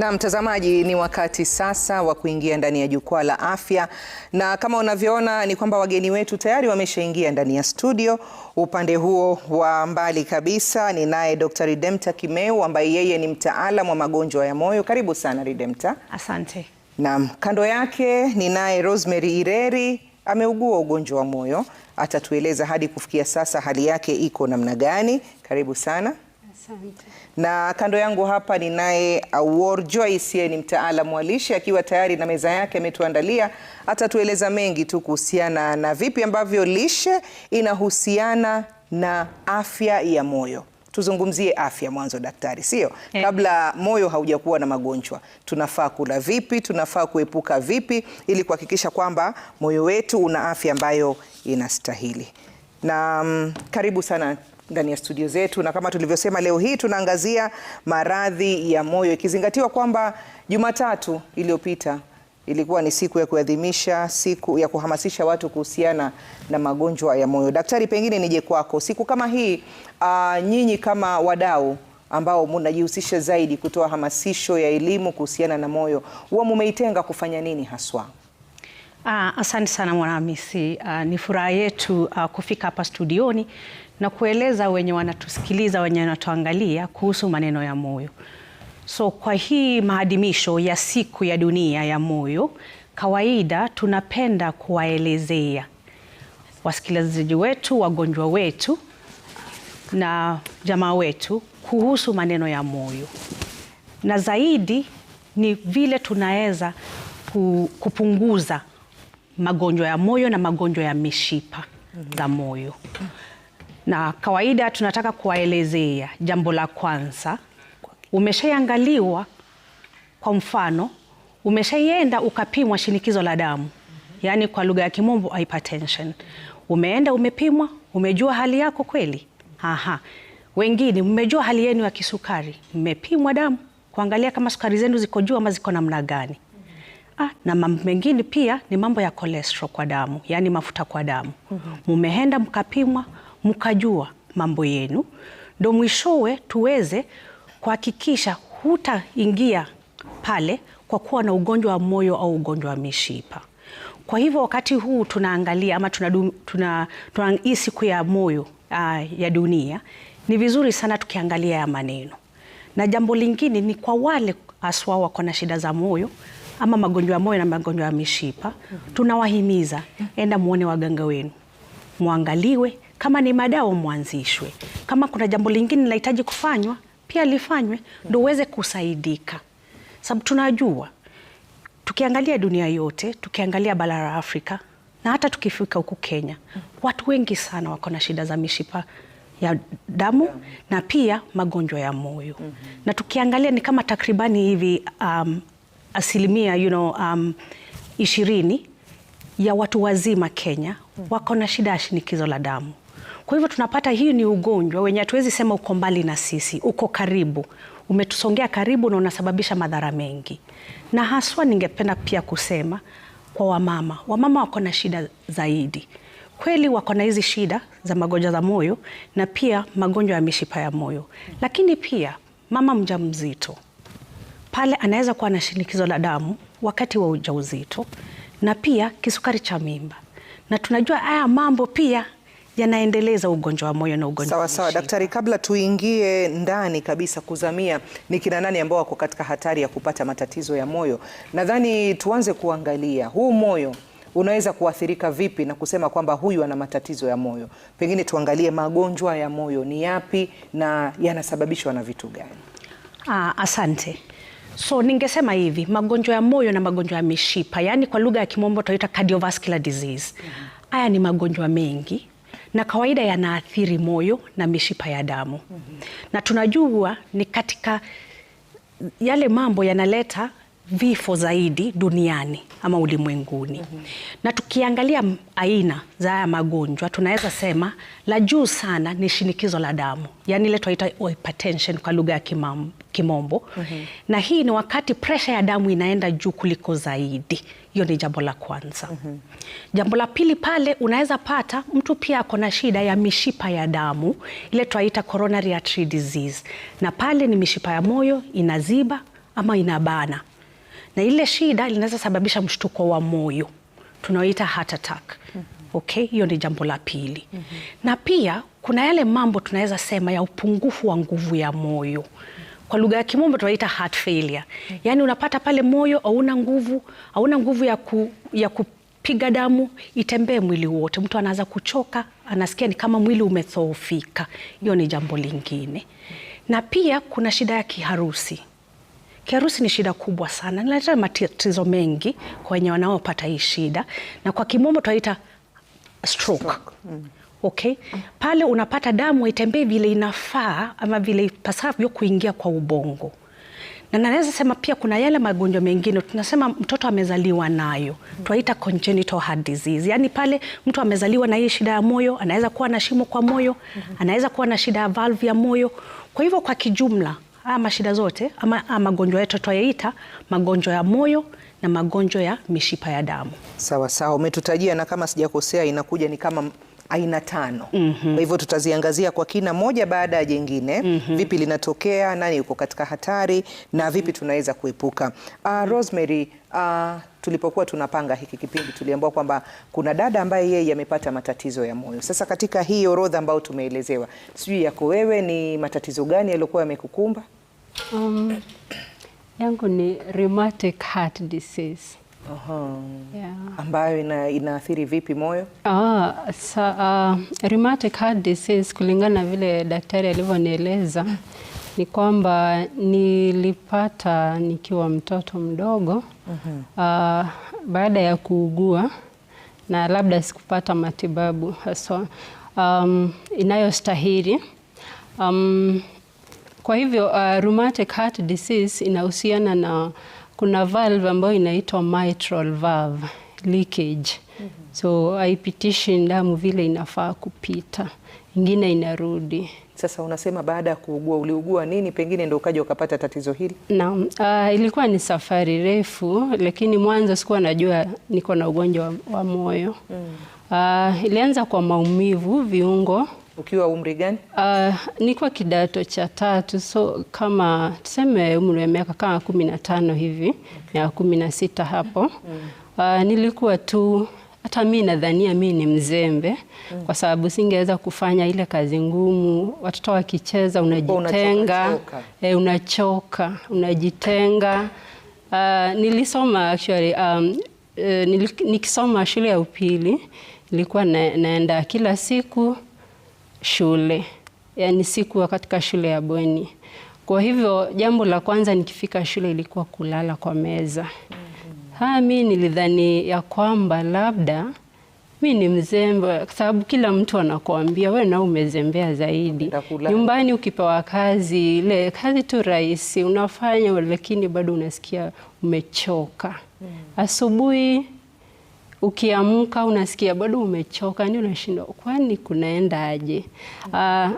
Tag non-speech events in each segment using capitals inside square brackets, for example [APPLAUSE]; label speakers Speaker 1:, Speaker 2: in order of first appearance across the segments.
Speaker 1: Na mtazamaji, ni wakati sasa wa kuingia ndani ya jukwaa la afya, na kama unavyoona ni kwamba wageni wetu tayari wameshaingia ndani ya studio. Upande huo wa mbali kabisa ni naye Dr. Ridemta Kimeu ambaye yeye ni mtaalam wa magonjwa ya moyo. Karibu sana Ridemta. Asante. Naam, kando yake ni naye Rosemary Ireri ameugua ugonjwa wa moyo, atatueleza hadi kufikia sasa hali yake iko namna gani. Karibu sana. Na kando yangu hapa ninaye Awor Joyce, yeye ni mtaalamu wa lishe akiwa tayari na meza yake ametuandalia, atatueleza mengi tu kuhusiana na vipi ambavyo lishe inahusiana na afya ya moyo. Tuzungumzie afya mwanzo, daktari, sio hey? Eh. Kabla moyo haujakuwa na magonjwa, tunafaa kula vipi? Tunafaa kuepuka vipi ili kuhakikisha kwamba moyo wetu una afya ambayo inastahili? Na um, karibu sana ndani ya studio zetu, na kama tulivyosema, leo hii tunaangazia maradhi ya moyo, ikizingatiwa kwamba Jumatatu iliyopita ilikuwa ni siku ya kuadhimisha siku ya kuhamasisha watu kuhusiana na magonjwa ya moyo. Daktari, pengine nije kwako, siku kama hii uh, nyinyi kama wadau ambao mnajihusisha zaidi kutoa hamasisho ya elimu kuhusiana na moyo, huwa mumeitenga kufanya nini haswa?
Speaker 2: Uh, asante sana Mwanahamisi. Uh, ah, ni furaha yetu uh, kufika hapa studioni na kueleza wenye wanatusikiliza, wenye wanatuangalia kuhusu maneno ya moyo. So kwa hii maadhimisho ya siku ya dunia ya moyo, kawaida tunapenda kuwaelezea wasikilizaji wetu, wagonjwa wetu na jamaa wetu kuhusu maneno ya moyo, na zaidi ni vile tunaweza kupunguza magonjwa ya moyo na magonjwa ya mishipa za moyo na kawaida tunataka kuwaelezea. Jambo la kwanza, umeshaangaliwa kwa mfano, umeshaenda ukapimwa shinikizo la damu, yaani kwa lugha ya kimombo hypertension. Umeenda umepimwa, umejua hali yako kweli? Aha. Wengine mmejua hali yenu ya kisukari, mmepimwa damu kuangalia kama sukari zenu ziko juu ama ziko namna gani. Ah, na mambo mengine pia ni mambo ya cholesterol kwa damu, yaani mafuta kwa damu. Mhm. Mumeenda mkapimwa mkajua mambo yenu, ndo mwishowe tuweze kuhakikisha hutaingia pale kwa kuwa na ugonjwa wa moyo au ugonjwa wa mishipa. Kwa hivyo wakati huu tunaangalia ama tunahisi tuna, tuna, siku ya moyo aa, ah, ya dunia, ni vizuri sana tukiangalia ya maneno, na jambo lingine ni kwa wale aswa wako na shida za moyo ama magonjwa ya moyo na magonjwa ya mishipa, mhm. tunawahimiza enda muone waganga wenu, mwangaliwe kama ni madao mwanzishwe, kama kuna jambo lingine linahitaji kufanywa pia lifanywe, ndio uweze kusaidika, sababu tunajua tukiangalia dunia yote, tukiangalia bara la Afrika na hata tukifika huku Kenya, watu wengi sana wako na shida za mishipa ya damu na pia magonjwa ya moyo mm -hmm. na tukiangalia ni kama takribani hivi um, asilimia you know, um, ishirini ya watu wazima Kenya wako na shida ya shinikizo la damu. Kwa hivyo tunapata hii ni ugonjwa wenye hatuwezi sema uko mbali na sisi, uko karibu, umetusongea karibu na unasababisha madhara mengi, na haswa ningependa pia kusema kwa wamama, wamama wako na shida zaidi kweli wako na hizi shida za magonjwa za moyo na pia magonjwa ya mishipa ya moyo, lakini pia mama mjamzito pale anaweza kuwa na shinikizo la damu wakati wa ujauzito na pia kisukari cha mimba, na tunajua haya mambo pia yanaendeleza ugonjwa wa moyo na ugonjwa sawa sawa.
Speaker 1: Daktari, kabla tuingie ndani kabisa kuzamia ni kina nani ambao wako katika hatari ya kupata matatizo ya moyo, nadhani tuanze kuangalia huu moyo unaweza kuathirika vipi na kusema kwamba huyu ana matatizo ya moyo. Pengine tuangalie magonjwa ya moyo ni yapi na yanasababishwa na vitu gani?
Speaker 2: Ah, asante. So ningesema hivi, magonjwa ya moyo na magonjwa ya mishipa, yaani kwa lugha ya kimombo tunaita cardiovascular disease. Mm-hmm. Haya ni magonjwa mengi na kawaida yanaathiri moyo na mishipa ya damu mm -hmm. na tunajua ni katika yale mambo yanaleta vifo zaidi duniani ama ulimwenguni. mm -hmm. Na tukiangalia aina za haya magonjwa tunaweza sema la juu sana ni shinikizo la damu, yaani ile tunaita hypertension kwa lugha ya Kimombo. mm -hmm. Na hii ni wakati presha ya damu inaenda juu kuliko zaidi. Hiyo ni jambo la kwanza. mm -hmm. Jambo la pili, pale unaweza pata mtu pia ako na shida ya mishipa ya damu, ile tunaita coronary artery disease, na pale ni mishipa ya moyo inaziba ama inabana na ile shida linaweza sababisha mshtuko wa moyo tunaoita heart attack. Mm -hmm. Okay, hiyo ni jambo la pili. Mm -hmm. Na pia kuna yale mambo tunaweza sema ya upungufu wa nguvu ya moyo. Kwa lugha ya kimombo tunaita heart failure. Yaani unapata pale moyo hauna nguvu, hauna nguvu ya ku, ya ku piga damu itembee mwili wote. Mtu anaanza kuchoka, anasikia ni kama mwili umethoofika. Hiyo ni jambo lingine. Na pia kuna shida ya kiharusi. Kiharusi ni shida kubwa sana, inaleta matatizo mengi kwa wenye wanaopata hii shida, na kwa kimombo tunaita stroke. Stroke. Mm. Okay. Pale unapata damu haitembei vile inafaa ama vile ipasavyo kuingia kwa ubongo, na naweza sema pia kuna yale magonjwa mengine tunasema mtoto amezaliwa nayo, Tuaita congenital heart disease. Yaani pale mtu amezaliwa na hii shida ya moyo, anaweza kuwa na shimo kwa moyo, anaweza kuwa na shida ya valve ya moyo. Kwa hivyo kwa kijumla ama shida zote ama magonjwa yetu twayaita magonjwa ya moyo na magonjwa ya mishipa ya damu.
Speaker 1: Sawa sawa, umetutajia na kama sijakosea, inakuja ni kama aina tano. mm -hmm. Kwa hivyo tutaziangazia kwa kina moja baada ya jingine. mm -hmm. Vipi linatokea, nani yuko katika hatari na mhm. vipi tunaweza kuepuka. Uh, Rosemary, uh, tulipokuwa tunapanga hiki kipindi tuliambiwa kwamba kuna dada ambaye yeye amepata matatizo ya moyo. Sasa katika hii orodha ambayo tumeelezewa, sijui yako wewe, ni matatizo gani yaliyokuwa yamekukumba? Um,
Speaker 3: yangu ni rheumatic heart disease.
Speaker 1: Yeah. Ambayo ina, inaathiri vipi moyo?
Speaker 3: Ah, sa, uh, rheumatic heart disease kulingana na vile daktari alivyonieleza ni kwamba nilipata nikiwa mtoto mdogo uh, baada ya kuugua na labda sikupata matibabu haswa um, inayostahili um, kwa hivyo uh, rheumatic heart disease inahusiana na kuna valve ambayo inaitwa mitral valve leakage. Mm -hmm. So haipitishi damu vile inafaa kupita, ingine inarudi.
Speaker 1: Sasa unasema baada ya kuugua, uliugua nini pengine ndio ukaja ukapata tatizo hili?
Speaker 3: Naam, uh, ilikuwa ni safari refu, lakini mwanzo sikuwa najua niko na ugonjwa wa, wa moyo. Mm. Uh, ilianza kwa maumivu viungo
Speaker 1: ukiwa umri gani?
Speaker 3: Uh, nilikuwa kidato cha tatu, so kama tuseme umri wa miaka kama kumi na tano hivi miaka kumi na sita hapo mm. Uh, nilikuwa tu hata mi nadhania mi ni mzembe mm. kwa sababu singeweza kufanya ile kazi ngumu. Watoto wakicheza unajitenga, unachoka, eh, unachoka unajitenga. Uh, nilisoma actually um, uh, nikisoma shule ya upili nilikuwa na, naenda kila siku shule, yaani sikuwa katika shule ya bweni. Kwa hivyo jambo la kwanza nikifika shule ilikuwa kulala kwa meza. Ha, mi nilidhani ya kwamba labda mi ni mzembe, kwa sababu kila mtu anakuambia we nao umezembea zaidi. Nyumbani ukipewa kazi, ile kazi tu rahisi unafanya, lakini bado unasikia umechoka. Mm. Asubuhi ukiamka unasikia bado umechoka, ni unashindwa kwani kunaendaje? Uh,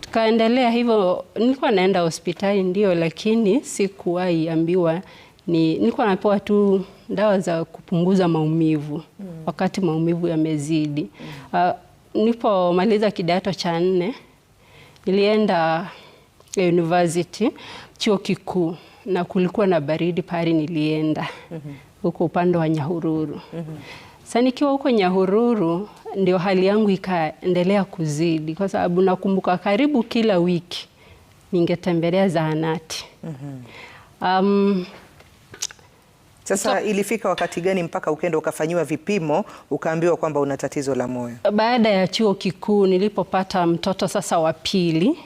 Speaker 3: tukaendelea hivyo, nilikuwa naenda hospitali ndio, lakini sikuwahi ambiwa ni nilikuwa napewa tu dawa za kupunguza maumivu mm. wakati maumivu yamezidi mm. uh, nilipomaliza kidato cha nne nilienda university chuo kikuu na kulikuwa na baridi pale nilienda. mm -hmm huko upande wa Nyahururu. mm -hmm. Sasa nikiwa huko Nyahururu ndio hali yangu ikaendelea kuzidi, kwa sababu nakumbuka karibu kila wiki ningetembelea zahanati. mm -hmm. um,
Speaker 1: sasa so, ilifika wakati gani mpaka ukenda ukafanyiwa vipimo ukaambiwa kwamba una tatizo la moyo?
Speaker 3: Baada ya chuo kikuu nilipopata mtoto sasa wa pili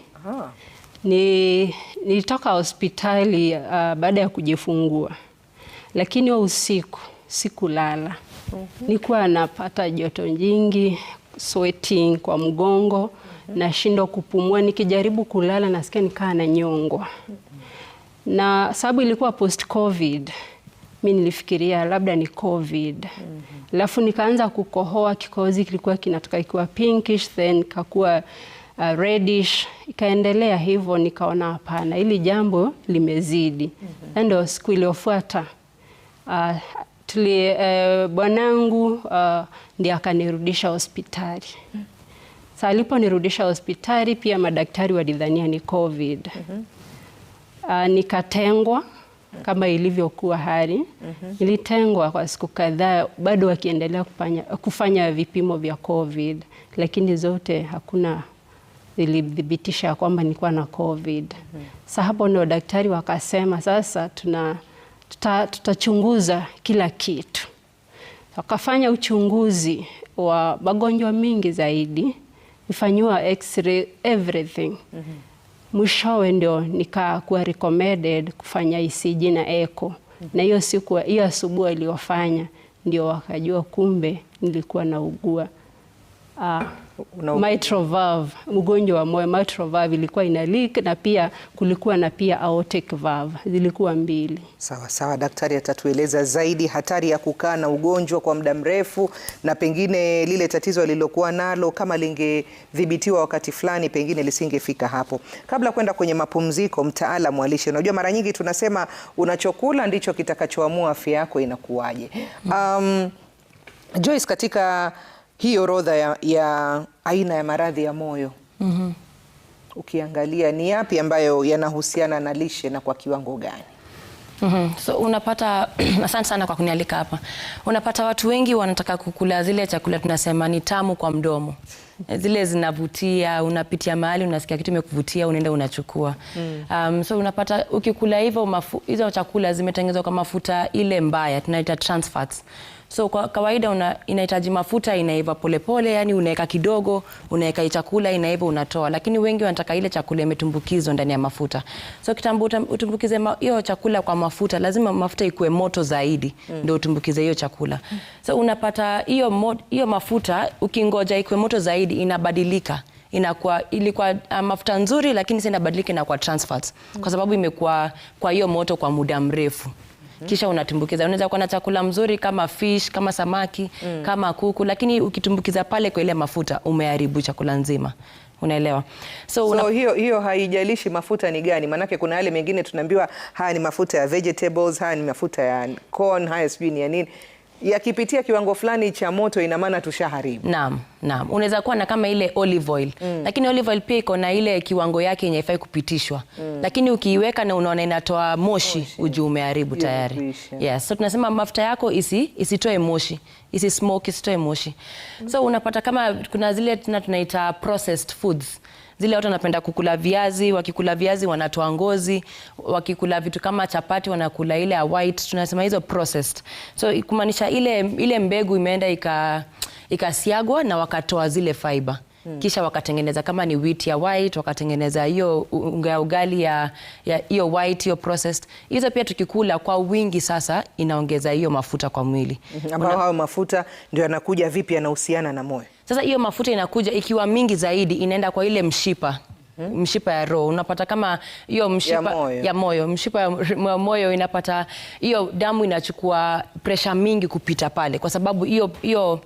Speaker 3: ni, nilitoka hospitali uh, baada ya kujifungua lakini wa usiku sikulala. mm -hmm. Nikuwa napata joto jingi, sweating kwa mgongo mm -hmm. nashindwa kupumua, nikijaribu kulala nasikia nikaa na nyongwa mm -hmm. na sababu ilikuwa post covid mi nilifikiria labda ni covid mm -hmm. nikaanza kukohoa, kikohozi kilikuwa kinatoka ikiwa pinkish then kakuwa uh, reddish ikaendelea hivyo, nikaona hapana, hili jambo limezidi. mm -hmm. Ndio siku iliyofuata Uh, tuli uh, bwanangu uh, ndiye akanirudisha hospitali mm. Sa aliponirudisha hospitali pia madaktari walidhania ni COVID mm -hmm. uh, nikatengwa kama ilivyokuwa hali ilitengwa Nilitengwa kwa siku kadhaa, bado wakiendelea kufanya, kufanya vipimo vya COVID, lakini zote hakuna ilithibitisha kwamba nilikuwa na COVID Sa hapo ndio daktari wakasema sasa tuna tuta, tutachunguza kila kitu. Wakafanya uchunguzi wa magonjwa mingi zaidi, ifanyiwa x-ray everything. Mm-hmm. Mwishowe ndio nikakuwa recommended kufanya ECG na echo. Mm -hmm. Na hiyo siku hiyo asubuhi aliyofanya ndio wakajua kumbe nilikuwa naugua uh, ah, no. mitral valve, mgonjwa wa moyo mitral valve ilikuwa ina leak na pia kulikuwa na pia aortic valve zilikuwa mbili.
Speaker 1: Sawa sawa, daktari atatueleza zaidi hatari ya kukaa na ugonjwa kwa muda mrefu, na pengine lile tatizo alilokuwa nalo kama lingedhibitiwa wakati fulani, pengine lisingefika hapo. Kabla kwenda kwenye mapumziko, mtaalamu alishe, unajua mara nyingi tunasema unachokula ndicho kitakachoamua afya yako inakuwaje. Hmm. um, Joyce katika hii orodha ya, ya aina ya maradhi ya moyo mm -hmm. Ukiangalia ni yapi ambayo yanahusiana na lishe na kwa kiwango gani?
Speaker 4: Mm -hmm. So unapata [CLEARS THROAT] asante sana kwa kunialika hapa. Unapata watu wengi wanataka kukula zile chakula tunasema ni tamu kwa mdomo zile zinavutia, unapitia mahali unasikia kitu imekuvutia, unaenda unachukua. Mm. Um, so unapata ukikula hivyo hizo chakula zimetengenezwa kwa mafuta ile mbaya tunaita trans fats. So kwa kawaida una, inahitaji mafuta inaiva polepole, yani unaweka kidogo, unaweka chakula inaiva, unatoa. Lakini wengi wanataka ile chakula imetumbukizwa ndani ya mafuta. So kitambo utumbukize hiyo chakula kwa mafuta, lazima mafuta ikue moto zaidi mm. ndio utumbukize hiyo chakula. So unapata hiyo hiyo mafuta ukingoja ikue moto zaidi inabadilika inakuwa ilikuwa ah, mafuta nzuri, lakini sasa inabadilika inakuwa trans fats kwa sababu imekuwa kwa hiyo moto kwa muda mrefu kisha unatumbukiza. Unaweza kuwa na chakula mzuri kama fish kama samaki mm. kama kuku, lakini ukitumbukiza pale kwa ile mafuta umeharibu chakula nzima. Unaelewa?
Speaker 1: So, una... so hiyo hiyo haijalishi mafuta ni gani, maanake kuna yale mengine tunaambiwa haya ni mafuta ya vegetables, haya ni mafuta ya corn, haya sijui ni ya nini yakipitia kiwango fulani cha moto ina maana tushaharibu.
Speaker 4: Naam, naam. Unaweza kuwa na kama ile olive oil. Mm. Lakini olive oil pia iko na ile kiwango yake yenye haifai kupitishwa. Mm. Lakini ukiiweka na unaona inatoa moshi, moshi, umeharibu tayari. Yes, so tunasema mafuta yako isi isitoe moshi. Isi smoke isitoe moshi. Mm. So unapata kama kuna zile tena tunaita processed foods. Zile watu wanapenda kukula viazi, wakikula viazi wanatoa ngozi, wakikula vitu kama chapati wanakula ile ya white, tunasema hizo processed. So kumaanisha ile, ile mbegu imeenda ika ikasiagwa na wakatoa zile fiber. Hmm. Kisha wakatengeneza kama ni wheat ya white, wakatengeneza hiyo unga ya ugali ya hiyo white, hiyo processed. Hizo pia tukikula kwa wingi sasa inaongeza hiyo mafuta kwa mwili.
Speaker 1: Hmm, ambao hayo mafuta ndio yanakuja vipi, yanahusiana na moyo?
Speaker 4: Sasa hiyo mafuta inakuja ikiwa mingi zaidi, inaenda kwa ile mshipa Hmm? Mshipa ya roho unapata kama hiyo mshipa ya moyo, ya moyo. Mshipa ya moyo inapata hiyo damu inachukua presha mingi kupita pale, kwa sababu hiyo hiyo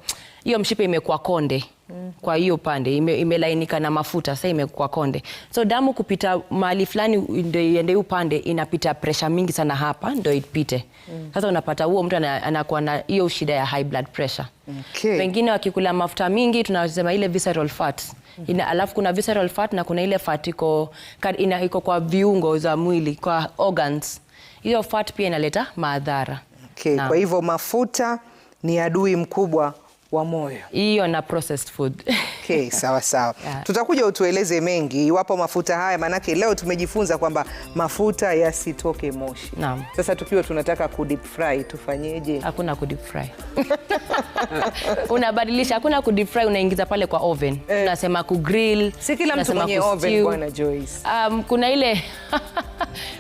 Speaker 4: hiyo mshipa imekuwa konde. Mm. Kwa hiyo pande imelainika ime na mafuta sasa imekuwa konde, so damu kupita mahali fulani ndio iende upande, inapita pressure mingi sana hapa ndio ipite. Mm. Sasa unapata huo mtu anakuwa na hiyo shida ya high blood pressure. Okay. Wengine wakikula mafuta mingi tunasema ile visceral fats. Ina, alafu kuna visceral fat na kuna ile fat iko ina iko kwa viungo za mwili kwa organs. Hiyo fat pia inaleta madhara.
Speaker 1: Okay. Kwa hivyo mafuta ni adui mkubwa wa moyo.
Speaker 4: Hiyo na processed food. [LAUGHS]
Speaker 1: Okay, sawa sawa. [LAUGHS] Yeah. Tutakuja utueleze mengi iwapo mafuta haya, maanake leo tumejifunza kwamba mafuta yasitoke moshi. Naam. Sasa tukiwa tunataka ku deep fry tufanyeje?
Speaker 4: Hakuna ku deep fry. [LAUGHS] Unabadilisha, hakuna ku deep fry, unaingiza pale kwa oven. Eh. Unasema ku grill.
Speaker 1: Si kila mtu mwenye oven, Bwana Joyce.
Speaker 4: Um, kuna ile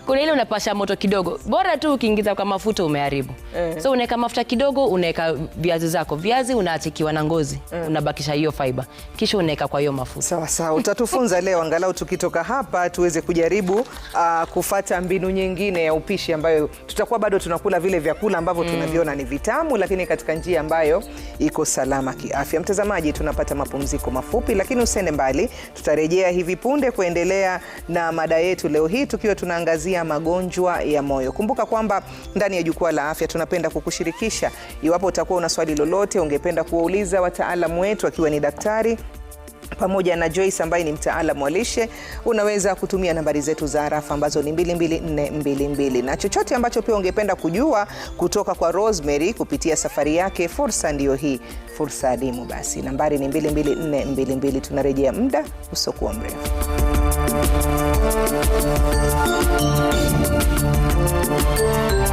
Speaker 4: kuna ile unapasha moto kidogo, bora tu ukiingiza kwa mafuta umeharibu. uh-huh. So unaweka mafuta kidogo, unaweka viazi zako, viazi unaachikiwa na ngozi uh-huh. unabakisha hiyo fiber, kisha unaweka kwa hiyo mafuta.
Speaker 1: Sawa sawa, utatufunza leo angalau tukitoka hapa tuweze kujaribu uh, kufata mbinu nyingine ya upishi ambayo tutakuwa bado tunakula vile vyakula ambavyo mm. tunaviona ni vitamu, lakini katika njia ambayo iko salama kiafya. Mtazamaji, tunapata mapumziko mafupi, lakini usende mbali, tutarejea hivi punde kuendelea na mada yetu leo hii tukiwa tuna tunaangazia magonjwa ya moyo. Kumbuka kwamba ndani ya jukwaa la afya tunapenda kukushirikisha. Iwapo utakuwa una swali lolote ungependa kuwauliza wataalamu wetu, akiwa ni daktari pamoja na Joyce ambaye ni mtaalamu wa lishe, unaweza kutumia nambari zetu za arafa ambazo ni 22422 na chochote ambacho pia ungependa kujua kutoka kwa Rosemary kupitia safari yake. Fursa ndiyo hii, fursa adimu. Basi nambari ni 22422. Tunarejea muda usiokuwa mrefu. Thank